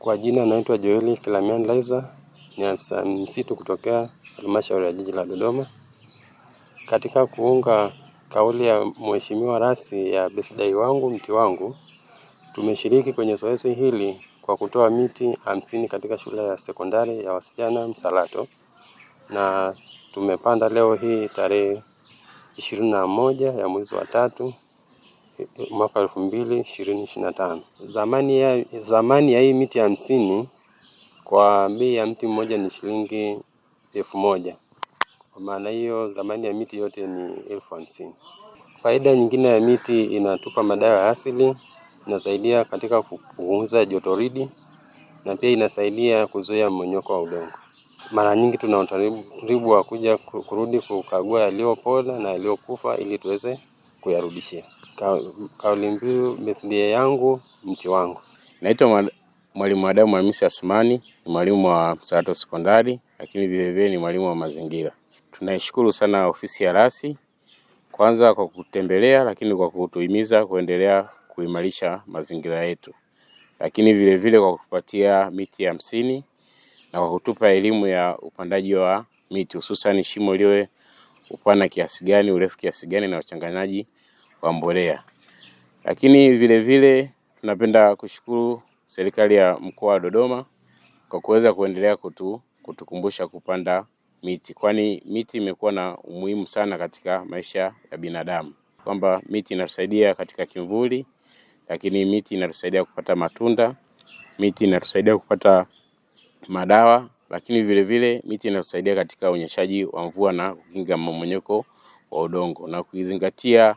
Kwa jina naitwa Joeli Kilamian Laiza, ni afisa msitu kutokea halmashauri ya jiji la Dodoma. Katika kuunga kauli ya mheshimiwa rasi ya birthday wangu mti wangu, tumeshiriki kwenye zoezi hili kwa kutoa miti hamsini katika shule ya sekondari ya wasichana Msalato, na tumepanda leo hii tarehe ishirini na moja ya mwezi wa tatu mwaka elfu mbili ishirini na tano. Thamani ya hii miti hamsini kwa bei ya mti mmoja ni shilingi elfu moja. Kwa maana hiyo thamani ya miti yote ni elfu hamsini. Faida nyingine ya miti inatupa madawa ya asili, inasaidia katika kupunguza jotoridi na pia inasaidia kuzuia mmonyoko wa udongo. Mara nyingi tuna utaratibu wa kuja kurudi kukagua yaliyopola na yaliyokufa ili tuweze kuyarudishia mbiu mithili yangu mti wangu. Naitwa Mwalimu Adamu Hamisi Asmani, ni mwalimu wa Msalato Sekondari, lakini vilevile ni mwalimu wa mazingira. Tunaishukuru sana ofisi ya rasi kwanza kwa kutembelea, lakini kwa kutuhimiza kuendelea kuimarisha mazingira yetu, lakini vilevile kwa kupatia miti hamsini na kwa kutupa elimu ya upandaji wa miti hususani shimo liwe upana kiasi gani, urefu kiasi gani na uchanganyaji wa mbolea. Lakini vile vile tunapenda kushukuru serikali ya mkoa wa Dodoma kwa kuweza kuendelea kutu, kutukumbusha kupanda miti, kwani miti imekuwa na umuhimu sana katika maisha ya binadamu, kwamba miti inatusaidia katika kimvuli, lakini miti inatusaidia kupata matunda, miti inatusaidia kupata madawa, lakini vile vile miti inatusaidia katika unyeshaji wa mvua na kukinga mmomonyoko wa udongo na kuizingatia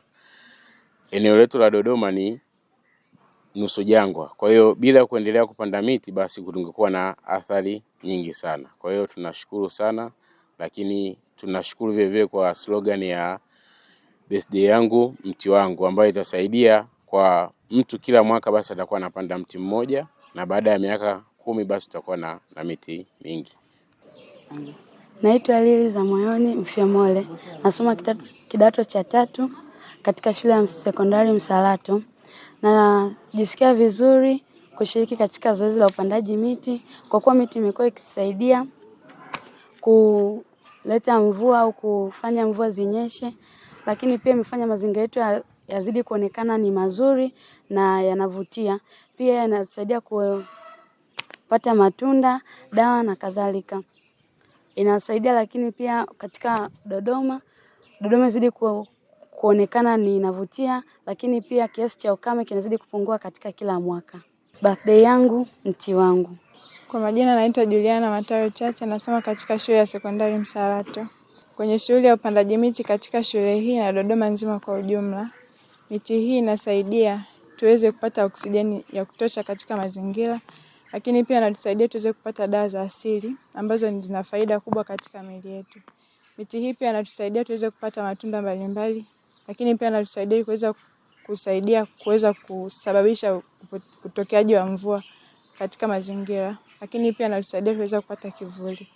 eneo letu la Dodoma ni nusu jangwa, kwa hiyo bila kuendelea kupanda miti basi tungekuwa na athari nyingi sana. Kwa hiyo tunashukuru sana, lakini tunashukuru vile vile kwa slogan ya birthday yangu mti wangu, ambayo itasaidia kwa mtu kila mwaka basi atakuwa anapanda mti mmoja, na baada ya miaka kumi basi tutakuwa na, na miti mingi. Naitwa Lili za Moyoni mfyomole nasoma kidato, kidato cha tatu katika shule ya sekondari Msalato. Najisikia vizuri kushiriki katika zoezi la upandaji miti kwa kuwa miti imekuwa ikisaidia kuleta mvua au kufanya mvua zinyeshe, lakini pia imefanya mazingira yetu yazidi kuonekana ni mazuri na yanavutia. Pia yanasaidia kupata matunda, dawa na kadhalika, inasaidia. Lakini pia katika Dodoma, Dodoma zidi kuonekana ni inavutia, lakini pia kiasi cha ukame kinazidi kupungua katika kila mwaka. Birthday yangu mti wangu. Kwa majina naitwa Juliana Matayo Chacha, nasoma katika shule ya sekondari Msalato kwenye shughuli ya upandaji miti katika shule hii na Dodoma nzima kwa ujumla. Miti hii inasaidia tuweze kupata oksijeni ya kutosha katika mazingira, lakini pia inatusaidia tuweze kupata dawa za asili ambazo zina faida kubwa katika miili yetu. Miti hii pia inatusaidia tuweze kupata matunda mbalimbali lakini pia anatusaidia kuweza kusaidia kuweza kusababisha utokeaji wa mvua katika mazingira, lakini pia anatusaidia kuweza kupata kivuli.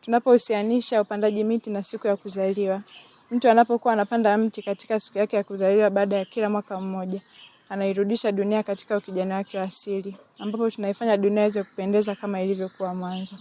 Tunapohusianisha upandaji miti na siku ya kuzaliwa, mtu anapokuwa anapanda mti katika siku yake ya kuzaliwa, baada ya kila mwaka mmoja, anairudisha dunia katika ukijani wake wa asili, ambapo tunaifanya dunia iweze kupendeza kama ilivyokuwa mwanzo.